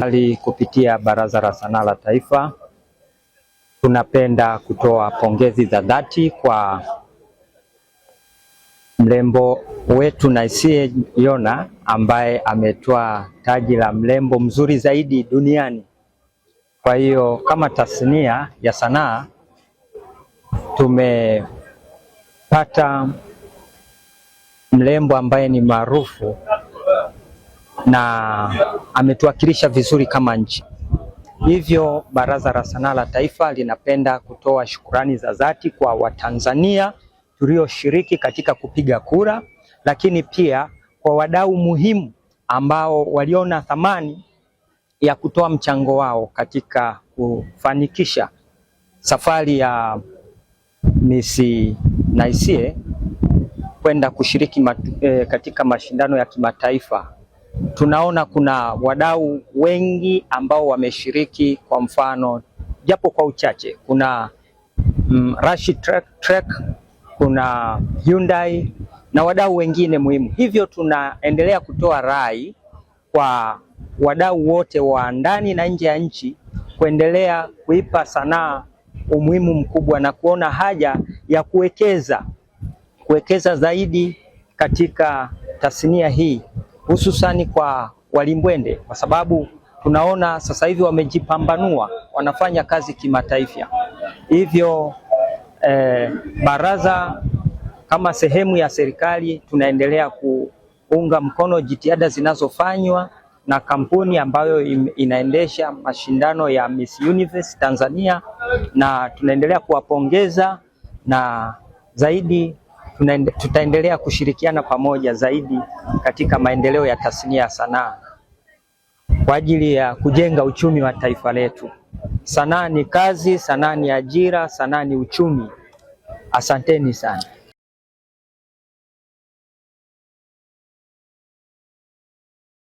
ali kupitia Baraza la Sanaa la Taifa tunapenda kutoa pongezi za dhati kwa mrembo wetu Naisie Yona ambaye ametoa taji la mrembo mzuri zaidi duniani. Kwa hiyo kama tasnia ya sanaa tumepata mrembo ambaye ni maarufu na ametuwakilisha vizuri kama nchi. Hivyo Baraza la Sanaa la Taifa linapenda kutoa shukurani za dhati kwa Watanzania tulioshiriki katika kupiga kura, lakini pia kwa wadau muhimu ambao waliona thamani ya kutoa mchango wao katika kufanikisha safari ya Miss Naisie kwenda kushiriki matu, e, eh, katika mashindano ya kimataifa. Tunaona kuna wadau wengi ambao wameshiriki, kwa mfano japo kwa uchache, kuna mm, Rashi Trek, Trek, kuna Hyundai na wadau wengine muhimu. Hivyo tunaendelea kutoa rai kwa wadau wote wa ndani na nje ya nchi kuendelea kuipa sanaa umuhimu mkubwa na kuona haja ya kuwekeza kuwekeza zaidi katika tasnia hii hususani kwa walimbwende, kwa sababu tunaona sasa hivi wamejipambanua, wanafanya kazi kimataifa. Hivyo eh, baraza kama sehemu ya serikali tunaendelea kuunga mkono jitihada zinazofanywa na kampuni ambayo inaendesha mashindano ya Miss Universe Tanzania, na tunaendelea kuwapongeza na zaidi tutaendelea kushirikiana pamoja zaidi katika maendeleo ya tasnia ya sanaa kwa ajili ya kujenga uchumi wa taifa letu. Sanaa ni kazi, sanaa ni ajira, sanaa ni uchumi. Asanteni sana.